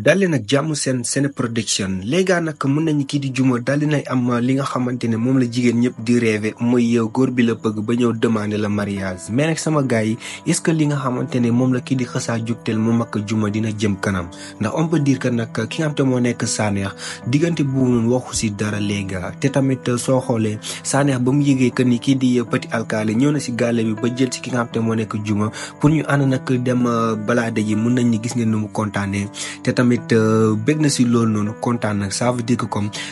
dalli nag jàmm sen seen production lega nak mën nañu kii di juma dalli nay am li nga xamante ne la jigéen ñëpp di rêvé mooy yow góor bi la bëgg ba ñëw la mariage mais sama gars yi est ce que li nga xamante ne la di mu juma dina jëm kanam ndax on peut dire que nag ki nga xam te moo nekk saaneex bu noonu waxu si dara lega te tamit soo xoolee saaneex ba mu ni di petit alkaali ñëw na si gàlle bi ba jël si ki nga xam te moo nekk juma pour ñu ànd nag dem balaade ji mën nañ gis ngeen nu mu tamit tamit euh, bëgg na si loolu noonu kontaan nag ça veut dire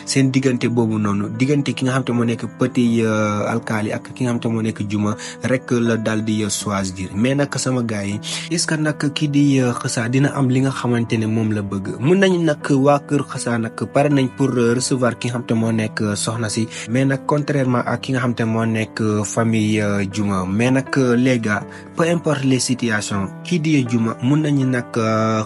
seen diggante boobu noonu diggante ki nga xam te moo nekk Petit euh, Alkali ak ki nga xam te moo nekk Juma rek la daal di euh, choisir mais nag sama gars yi est ce nag kii di xasaa dina am li nga xamante ne moom la bëgg mun nañu nag waa kër xasaa nag pare nañ pour recevoir ki nga xam te moo nekk soxna si mais nag contrairement ak ki nga xam te moo nekk famille Juma mais nag les gars peu importe les situations kii di Juma mun nañu nag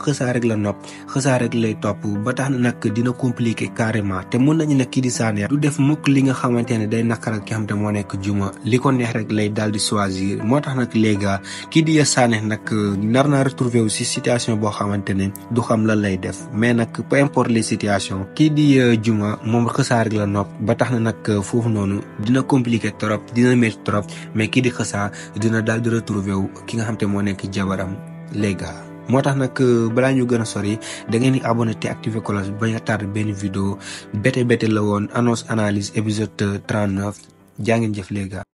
xasaa rek la nopp xësaa rek lay topp ba tax na nag dina compliqué carrément te mën nañu ne kii di Sané du def mukk li nga xamante ne day nakaral ki moo nekk juma li ko neex rek lay daal di choisir moo tax nag léegi kii di ya Sané nag nar naa retrouvé wu si situation boo xamante ne du xam lan lay def mais nag peu importe les situation kii di euh, juma moom xësaa rek la nopp ba tax na nag euh, foofu noonu dina compliqué trop dina métti trop mais kii di xësaa dina daal di retrouvé wu ki nga xam te moo nekk jabaram léegi moo tax nag euh, balaa ñu gën a sori da ngeen di abonné te activer cloche bi bañ a tardé vidéo bété bété la woon annonce analyse épisode 39 euh, jaa ngeen jëf léegi